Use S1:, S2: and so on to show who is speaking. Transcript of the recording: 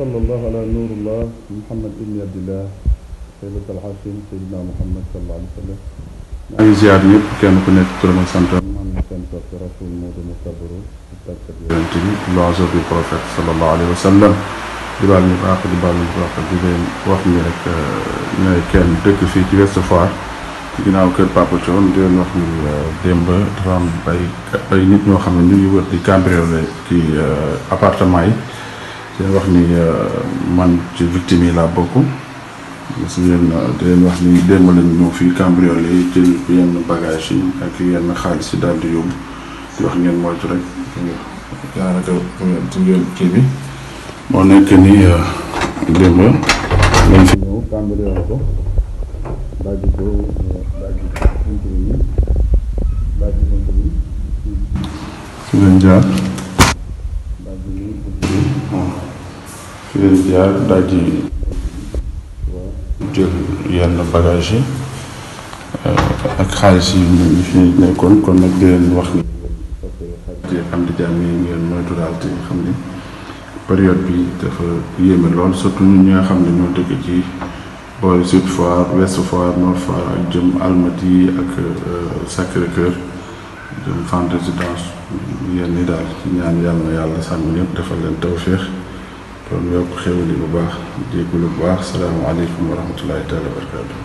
S1: sallallahu ala nurullah muhammad ibni abdillah sayyidat al-hashim sayyidina muhammad sallallahu alayhi wa sallam
S2: maa ngi ziar ñëpp
S1: kenn ku nekk turam ak santam am na seen sopp rasul moodu mustabaru di tàggat yonent bi loiseau du prophète sallallahu alayhi wa sallam di baal ñu baax di baal ñu baax di leen wax ni rek euh, ñooy kenn dëkk fii ci Ouest Foire ci ginnaaw kër Papa Thion di leen wax ni euh, démb dafa am ay ay nit ñoo xam ne ñu ngi wër di cambriolé ci euh, appartement yi di wax ni man ci victime yi laa bokk su leen di leen wax ni démb lañ ñëw fii cambriolé yi jël yenn bagage yi ak yenn xaalis yi daal di yóbbu di wax ngeen moytu rek daanaka ngeen kii bi moo nekk ni démb lañ fi ñëw cambriolé ko dajji ko dajji ko su leen jaar fi leen jaar daal di jël yenn bagage yi eh, ak xaalis yi ñu fi nekkoon kon nag di wax ni di am di jàmm bi dafa yéeme lool surtout ñun ñi nga xam ne ñoo dëkk ci booy Sud Foire Ouest Foire Nord Foire ak jëm Almadies ak eh, Sacré-Cœur jëm Fann Résidence yenn yi daal ñaan yàlla na yàlla sàmm ñëpp leen tawféex kon yokk xéwali bu baax déglu bu baax salaamaaleykum wa rahmatullahi taala wa barakaatu